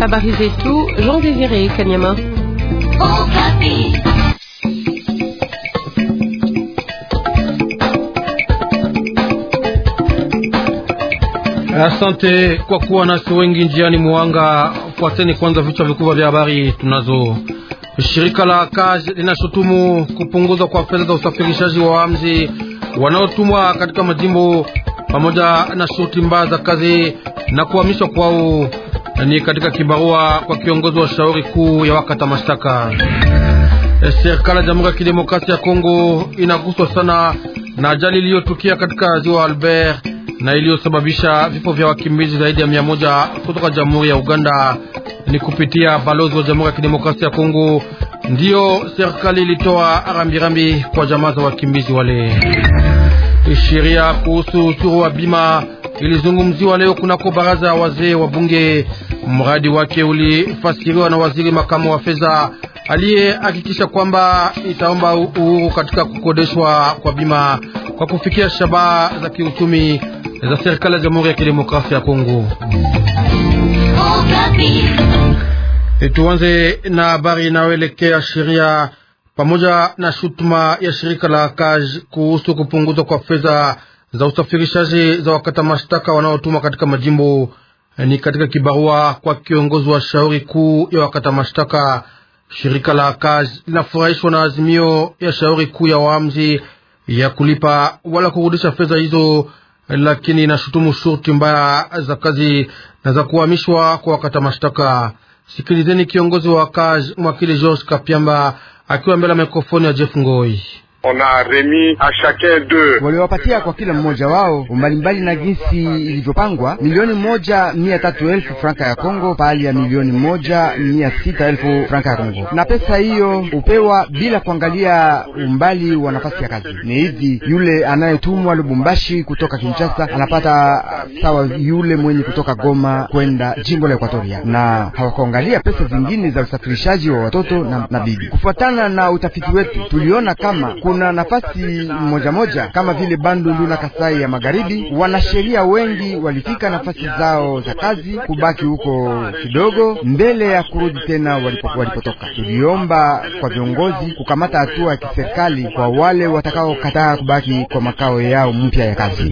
Habari zetu Jean Désiré Kanyama. Asante kwa kuwa nasi wengi njiani mwanga. Fuateni kwanza vichwa vikubwa vya habari tunazo. Shirika la kazi linashutumu kupunguzwa kwa fedha za usafirishaji wa wamzi wanaotumwa katika majimbo pamoja na shuti mbaya za kazi na kuhamishwa kwao, ni katika kibarua kwa kiongozi wa shauri kuu ya wakata mashtaka. Serikali ya Jamhuri ya Kidemokrasia ya Kongo inaguswa sana na ajali iliyotukia katika ziwa Albert na iliyosababisha vifo vya wakimbizi zaidi ya mia moja kutoka Jamhuri ya Uganda. Ni kupitia balozi wa Jamhuri ya Kidemokrasia ya Kongo ndiyo serikali ilitoa rambirambi kwa jamaa za wakimbizi wale. Sheria kuhusu uchuru wa bima ilizungumziwa leo kunako baraza ya wazee wa bunge. Mradi wake ulifasiriwa na waziri makamu wa fedha aliyehakikisha kwamba itaomba uhuru katika kukodeshwa kwa bima kwa kufikia shabaha za kiuchumi za serikali ya Jamhuri ya Kidemokrasia ya Kongo. Oh, Tuanze na habari inayoelekea sheria pamoja na shutuma ya shirika la Kaj kuhusu kupunguzwa kwa fedha za usafirishaji za wakata mashtaka wanaotumwa katika majimbo. Eh, ni katika kibarua kwa kiongozi wa shauri kuu ya wakata mashtaka, shirika la Kaj linafurahishwa na azimio ya shauri kuu ya waamzi ya kulipa wala kurudisha fedha hizo, lakini inashutumu shurti mbaya za kazi na za kuhamishwa kwa wakata mashtaka. Sikilizeni kiongozi wa Kaj, mwakili George Kapiamba akiwa mbele ya mikrofoni ya Jeff Ngoi waliwapatia kwa kila mmoja wao mbalimbali na jinsi ilivyopangwa milioni moja mia tatu elfu franka ya Kongo pahali ya milioni moja mia sita elfu franka ya Kongo, na pesa hiyo upewa bila kuangalia umbali wa nafasi ya kazi. Ni hivi yule anayetumwa Lubumbashi kutoka Kinshasa anapata sawa yule mwenye kutoka Goma kwenda jimbo la Ekuatoria, na hawakuangalia pesa zingine za usafirishaji wa watoto na, na bibi. Kufuatana na utafiti wetu tuliona kama kuna nafasi moja moja kama vile Bandundu na Kasai ya Magharibi. Wanasheria wengi walifika nafasi zao za kazi kubaki huko kidogo mbele ya kurudi tena walipotoka. Tuliomba kwa viongozi kukamata hatua ya kiserikali kwa wale watakaokataa kubaki kwa makao yao mpya ya kazi.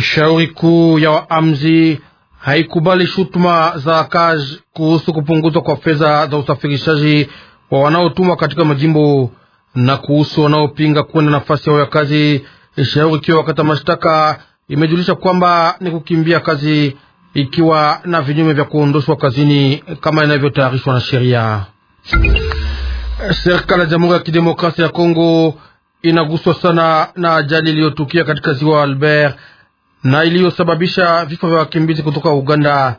Shauri kuu ya waamzi haikubali shutuma za kazi kuhusu kupunguzwa kwa fedha za usafirishaji kwa wanaotumwa katika majimbo na kuhusu wanaopinga kwenda nafasi yao ya kazi, shauri ikiwa wakata mashtaka imejulisha kwamba ni kukimbia kazi ikiwa na vinyume vya kuondoshwa kazini kama inavyotayarishwa na sheria. Serikali ya Jamhuri ya Kidemokrasia ya Kongo inaguswa sana na ajali iliyotukia katika ziwa Albert na iliyosababisha vifo vya wakimbizi kutoka Uganda.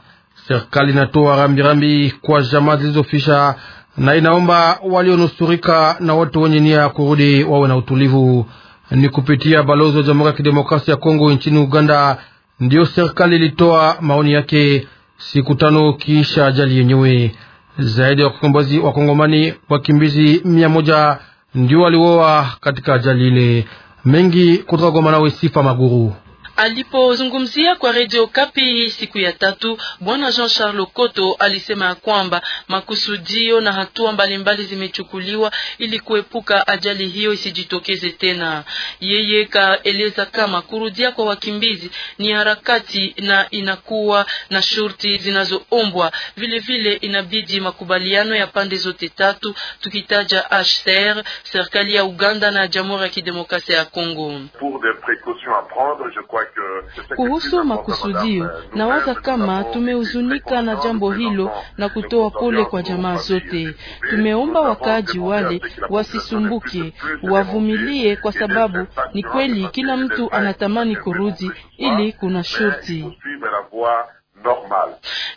Serikali inatoa rambirambi kwa jamaa zilizofisha na inaomba walionusurika na watu wenye nia ya kurudi wawe na utulivu. Ni kupitia balozi wa Jamhuri ya Kidemokrasia ya Kongo nchini Uganda ndiyo serikali ilitoa maoni yake siku tano kiisha ajali yenyewe. Zaidi ya wakombozi Wakongomani wakimbizi mia moja ndio walioa katika ajali ile. Mengi kutoka Goma, nawe Sifa Maguru. Alipozungumzia kwa redio Kapi siku ya tatu, bwana Jean Charles Koto alisema ya kwamba makusudio na hatua mbalimbali zimechukuliwa ili kuepuka ajali hiyo isijitokeze tena. Yeye kaeleza kama kurudia kwa wakimbizi ni harakati na inakuwa na shurti zinazoombwa, vilevile inabidi makubaliano ya pande zote tatu, tukitaja HCR, serikali ya Uganda na Jamhuri ya Kidemokrasia ya Kongo. Pour des précautions à prendre, je crois Euh, Kuhusu makusudio, euh, nawaza kama tumehuzunika na jambo hilo na kutoa pole kwa jamaa zote. Tumeomba wakaaji wale wasisumbuke, wavumilie, kwa sababu ni kweli kila mtu anatamani kurudi, ili kuna shurti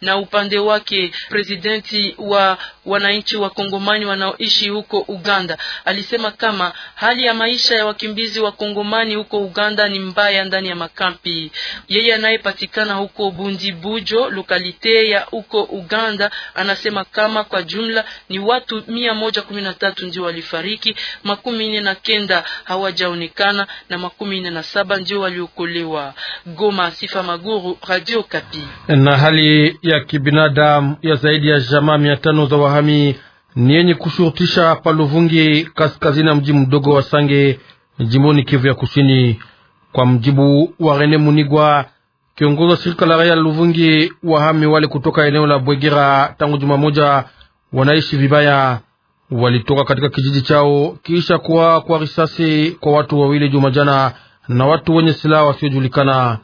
Na upande wake presidenti wa wananchi wakongomani wanaoishi huko Uganda. Alisema kama hali ya maisha ya wakimbizi wakongomani huko Uganda ni mbaya ndani ya makampi. Yeye anayepatikana huko Bundibujo, lokalite ya huko Uganda, anasema kama kwa jumla ni watu mia moja kumi na tatu ndio walifariki, makumi nne na kenda hawajaonekana na makumi nne na saba ndio waliokolewa. Goma, Sifa Maguru, Radio Kapi. Na hali ya kibinadamu ya zaidi ya jamaa mia tano za Mahami ni yenye kushurutisha Paluvungi, kaskazini ya mji mdogo wa Sange, jimboni Kivu ya Kusini. Kwa mjibu wa Rene Munigwa, kiongozi wa shirika la raia Luvungi, wahami wale kutoka eneo la Bwegera tangu juma moja wanaishi vibaya. Walitoka katika kijiji chao kisha kuwa kwa risasi kwa watu wawili juma jana na watu wenye silaha wasiojulikana.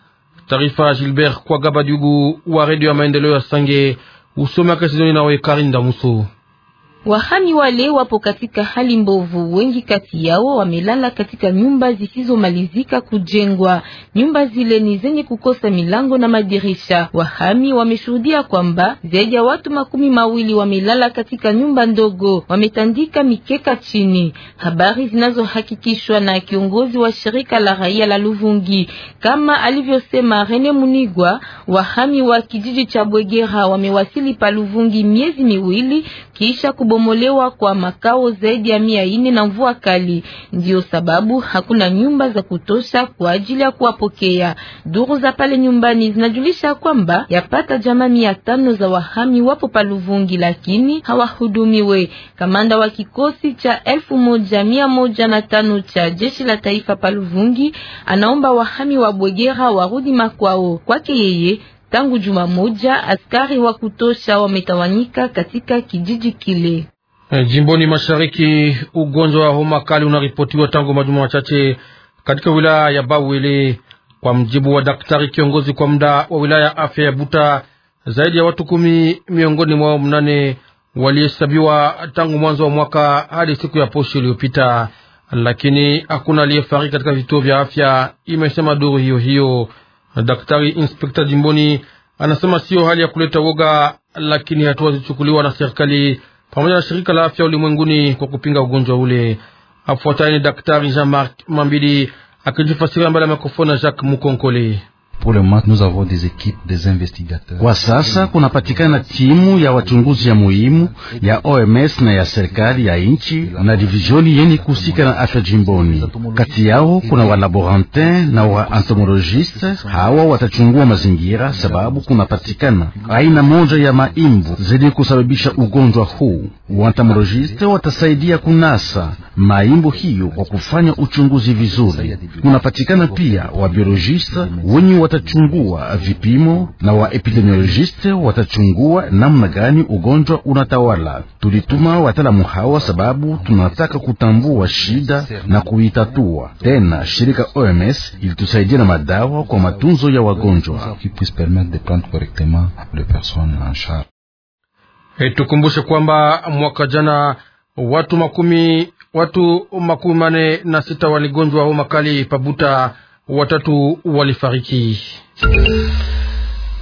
Taarifa Gilbert kwa Gabadugu wa redio ya maendeleo ya Sange usome akesizoni nawe Karinda Muso. Wahami wale wapo katika hali mbovu. Wengi kati yao wamelala katika nyumba zisizomalizika kujengwa. Nyumba zile ni zenye kukosa milango na madirisha. Wahami wameshuhudia kwamba zaidi ya watu makumi mawili wamelala katika nyumba ndogo, wametandika mikeka chini, habari zinazohakikishwa na kiongozi wa shirika la raia la Luvungi. Kama alivyosema Rene Munigwa, wahami wa kijiji cha Bwegera wamewasili pa Luvungi miezi miwili kisha kubomolewa kwa makao zaidi ya mia ine na mvua kali. ndio sababu hakuna nyumba za kutosha kwa ajili ya kuwapokea. Duru za pale nyumbani zinajulisha kwamba yapata jamaa mia tano za wahami wapo paluvungi, lakini hawahudumiwe. Kamanda wa kikosi cha elfu moja mia moja na tano cha jeshi la taifa paluvungi anaomba wahami wa Bwegera warudi makwao kwake yeye Tangu juma moja askari wa kutosha wametawanyika katika kijiji kile. Eh, jimboni mashariki, ugonjwa wa homa kali unaripotiwa tangu majuma machache katika wilaya ya Bawele. Kwa mjibu wa daktari kiongozi kwa muda wa wilaya ya afya ya Buta, zaidi ya watu kumi miongoni mwao mnane walihesabiwa tangu mwanzo wa mwaka hadi siku ya posho iliyopita, lakini hakuna aliyefariki katika vituo vya afya, imesema duru hiyo hiyo. Daktari inspekta jimboni anasema siyo hali ya kuleta woga, lakini hatua zichukuliwa na serikali pamoja na shirika la afya ulimwenguni kwa kupinga ugonjwa ule. Afuataye ni daktari Jean Marc Mambidi akijifasiria mbele ya mikrofoni ya Jacques Mukonkole. Kwa sasa kunapatikana timu ya wachunguzi ya muhimu ya OMS na ya serikali ya nchi na divisioni yeni kuhusika na afya jimboni. Kati yao kuna walaborantin na wa entomologiste. Hawa watachungua mazingira, sababu kunapatikana aina moja ya maimbu zenye kusababisha ugonjwa huu. Waentomologiste watasaidia kunasa maimbu hiyo kwa kufanya uchunguzi vizuri. Kunapatikana pia wabiologiste wenye watachungua vipimo na wa epidemiologiste watachungua namna gani ugonjwa unatawala. Tulituma wataalamu hawa sababu tunataka kutambua shida na kuitatua. Tena shirika OMS ilitusaidia na madawa kwa matunzo ya wagonjwa. Hey, eh, tukumbushe kwamba mwaka jana watu makumi watu makumi mane na sita waligonjwa homa kali Pabuta watatu walifariki.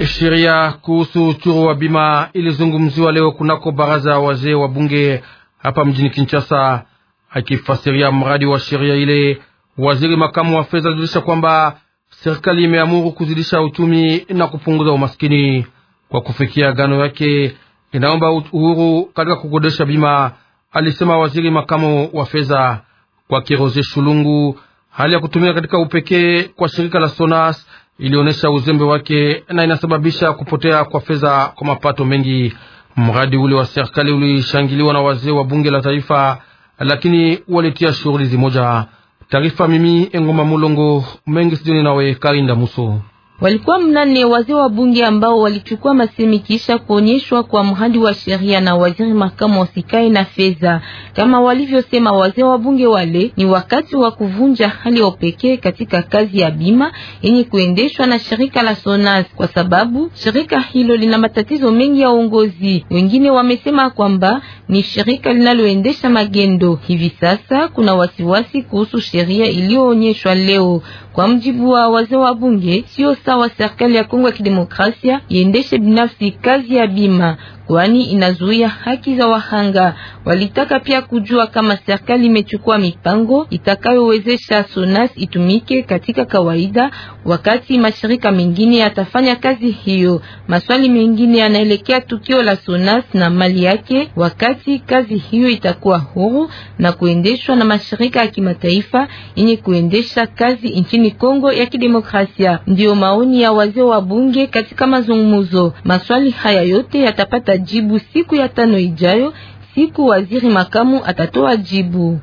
Sheria kuhusu uchuru wa bima ilizungumziwa leo kunako baraza ya wazee wa bunge hapa mjini Kinshasa. Akifasiria mradi wa sheria ile, waziri makamu wa fedha alijulisha kwamba serikali imeamuru kuzidisha uchumi na kupunguza umaskini. Kwa kufikia gano yake, inaomba uhuru katika kukodesha bima, alisema waziri makamu wa fedha. Kwa Kiroze Shulungu Hali ya kutumika katika upekee kwa shirika la Sonas ilionyesha uzembe wake na inasababisha kupotea kwa fedha kwa mapato mengi. Mradi ule wa serikali ulishangiliwa na wazee wa bunge la taifa, lakini walitia shughuli zimoja. Taarifa mimi Engoma Mulongo mengi sijoni nawe Karinda Muso walikuwa mnane wazee wa bunge ambao walichukua masemi kisha kuonyeshwa kwa mradi wa sheria na waziri makamu wasikai na fedha. Kama walivyosema wazee wa bunge wale, ni wakati wa kuvunja hali ya upekee katika kazi ya bima yenye kuendeshwa na shirika la Sonas, kwa sababu shirika hilo lina matatizo mengi ya uongozi. Wengine wamesema kwamba ni shirika linaloendesha magendo. Hivi sasa kuna wasiwasi kuhusu sheria iliyoonyeshwa leo. Kwa mjibu wa wazee wa bunge, sio wa serikali ya Kongo ya Kidemokrasia iendeshe binafsi kazi ya bima kwani inazuia haki za wahanga. Walitaka pia kujua kama serikali imechukua mipango itakayowezesha SONAS itumike katika kawaida, wakati mashirika mengine yatafanya kazi hiyo. Maswali mengine yanaelekea tukio la SONAS na mali yake, wakati kazi hiyo itakuwa huru na kuendeshwa na mashirika ya kimataifa yenye kuendesha kazi nchini Kongo ya Kidemokrasia. Ndiyo maoni ya wazee wa bunge katika mazungumzo. Maswali haya yote yatapata atajibu siku ya tano ijayo, siku waziri makamu atatoa jibu.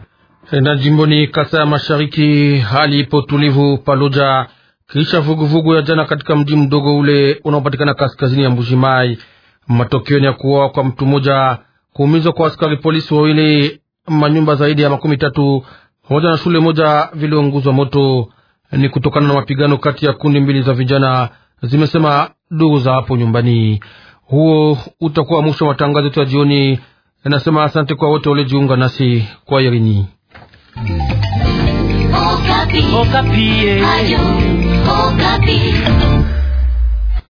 Na jimboni Kasa ya Mashariki hali ipo tulivu Paloja kisha vuguvugu vugu ya jana katika mji mdogo ule unaopatikana kaskazini ya Mbujimai. Matokeo ni ya kuwa kwa mtu mmoja, kuumizwa kwa askari polisi wawili, manyumba zaidi ya makumi tatu pamoja na shule moja viliunguzwa moto. Ni kutokana na mapigano kati ya kundi mbili za vijana, zimesema ndugu za hapo nyumbani. Huo utakuwa mwisho wa matangazo yetu ya jioni. Nasema asante kwa wote waliojiunga nasi kwa yarini Okapi. Okapi. Ayu, Okapi.